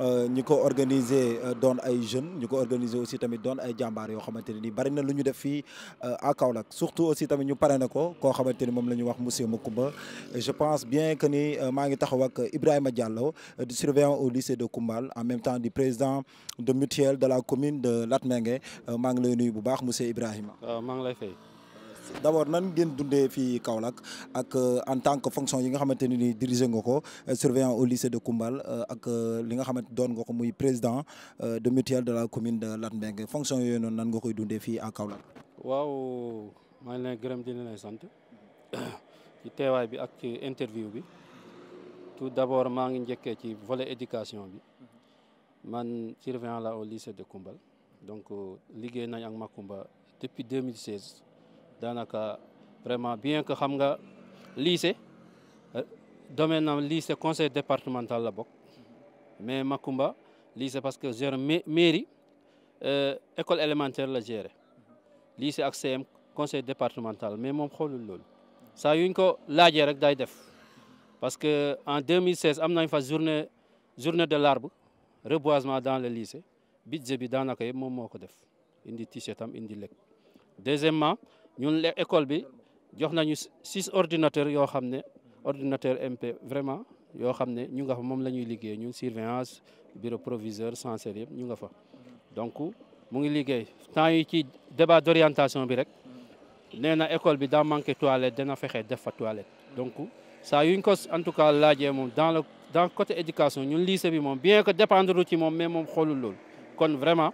Nous avons organisé à jeunes nous aussi tamit nous avons des surtout aussi je pense bien que nous, euh, avons ngi taxaw du euh, surveillant au lycée de Koumbal en même temps du président de mutuelle de la commune de Latmengue, euh, Ibrahima. D'abord, abord nan ngeen dundee fii Kaolack ak euh, en tant que fonction yi nga xamante ne ni diriger nga ko euh, surveillant au lycée de Koumbal euh, ak li nga xamante doon nga ko muy président de mutuelle de la commune de Latmingué fonction yooyu noonu nan nga koy dundee fii à Kaolack. waaw maa ngi lay gërëm di leen sant ci teewaay bi ak interview bi tout d'abord, abord maa ngi njëkkee ci volet éducation bi man surveillant la au lycée de Koumbal donc liggéey nañ ak Makumba depuis 2016. daanaka vraiment bien que xam nga lycée euh, domaine am lycée conseil départemental la bokk mais Makumba lycée parce que gère mairie euh, école élémentaire la géré lycée ak CM conseil départemental mais moom xoolul loolu saa yuñ ko laajee rek daay def parce que en 2016 am nañ fa journée journée de l'arbre reboisement dans le lycée budget bi daanaka yëpp moom moo ko def indi t-shirt am indi lekk deuxièmement ñun la école bi jox nañu six ordinateurs yo xamné ne ordinateur MP vraiment yo xamné ne ñu nga fa moom la ñuy liggéey ñun surveillance bureau proviseur censeur yëpp ñu nga fa donc mu ngi liggéey temps yi ci débat d'orientation bi rek néna école bi da manqué toilette dana fexé def fa toilette donc ça yuñ ko en tout cas laajee mom dans le dans côté éducation ñun lycée bi mom bien que dépendre ci mom mais mom xolul lool kon vraiment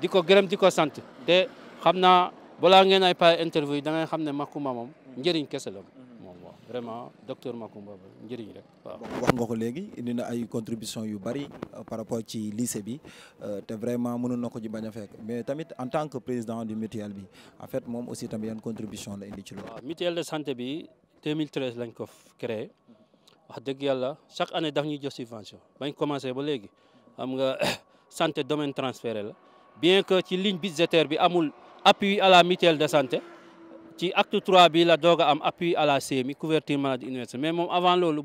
diko gërëm diko ko té xamna voilà, je ay pas interview yi da ngay xam ne Macoumba pas njëriñ kese la moom vraiment docteur Macoumba Je njëriñ rek waaw. wax nga ko léegi indi ay contribution yu bari euh, par rapport ci lycée bi euh, te vraiment mënoon na de ci mais tamit en tant que président du mutuelle bi en fait moi aussi tamit yan contribution la indi ci loolu. de santé bi 2013 lañ ko créé wax chaque année daf ñuy jox subvention bañ commencé ba léegi xam nga santé domaine transféré la bien que ci ligne budgétaire bi amul appui à la mutuelle de santé ci acte 3 bi la doga am appui à la CMI couverture maladie universelle mais avant loolu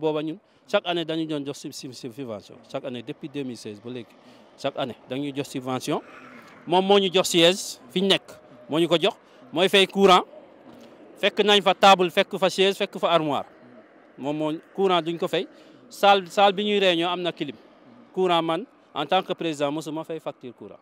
chaque année nous avons une subvention chaque année depuis 2016 chaque année dañuy une subvention Nous moo une jox siège fi ñu nekk ko jox fay courant fekk nañ fa table fekk fa chaise fekk fa armoire mom courant duñ ko fay salle salle biñuy réunion amna clim courant man en tant que président mosuma fay facture courant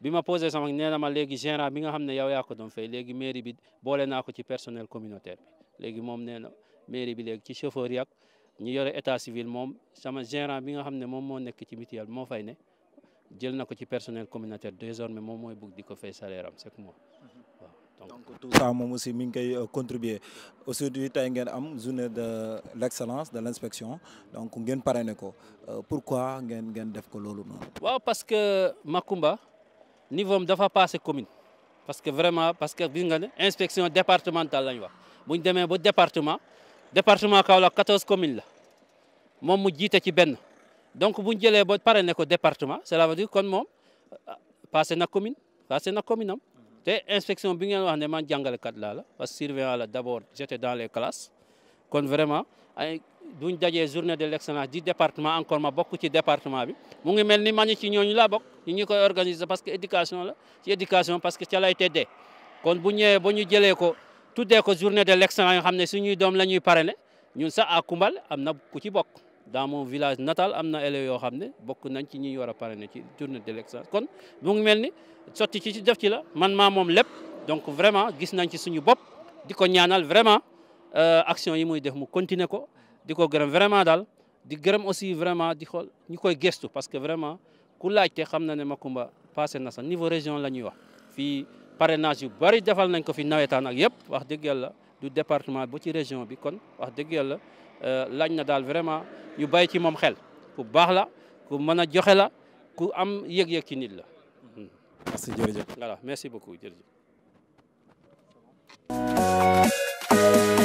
bi ma posé sama néna ma légui gérant bi nga xamné yow ya ko doon fay légui mairie bi bolé nako ci personnel communautaire bi légui mom néna mairie bi légui ci chauffeur yak ñu yoré état civil mom sama gérant bi nga xamné mom mo moo nekk ci mutuelle mo fay ne jël na ci personnel communautaire désormais mom moy bugg di fay salaire am chaque mois donc tout ça moom aussi mi ngi koy euh, aujourd'hui tey ngeen am journée de l'excellence de l'inspection donc ngeen parrainé ko euh, pourquoi ngeen ngeen def ko parce que Makumba niveau am dafa passé commune parce que vraiment parce que l'inspection inspection départementale Si ñu wax un ñu demee département département 14 communes la moom mu jiite ci ben donc si ñu jëlee ba pare ko département cela veut dire kon moom euh, passé na commune passé na commune am te inspection bi ngeen wax ne man jàngalekat laa la parce que d'abord j'étais dans les classes kon vraiment duñ dajé journée de l'excellence di département encore ma bokku ci département bi mu ngi melni ni ma ñu ci ñooñu la bok ñi ngi koy organiser parce que éducation la ci éducation parce que ci lay teddee kon bu ñëwee ba ñu jëlee ko tuddé ko journée de l'excellence yoo xamné ne suñuy doom la ñuy parrainer ñun sa à Koumbal am ku ci bok dans mon village natal amna na élèves yoo xam ne nañ ci ñi wara war parrainer ci journée de l'excellence kon mu ngi melni ni ci ci def ci la man ma mom lepp donc vraiment gis nañ ci suñu bop diko ñaanal vraiment euh, action yi muy def mu continuer ko di ko gërëm vraiment dal di gërëm aussi vraiment di xol ñu koy gestu parce que vraiment ku laajte xam na ne Macoumba passé na sa niveau région la ñuy wax fi parrainage yu bari defal nañ ko fi nawétan ak yépp wax dëgg yàlla du département bu ci région bi kon wax dëgg euh lañ na dal vraiment yu bay ci mom xel ku bax la ku mëna joxé la ku am yëg-yëg ci nit la. merci jërëjëf voilà merci beaucoup jërëjëf.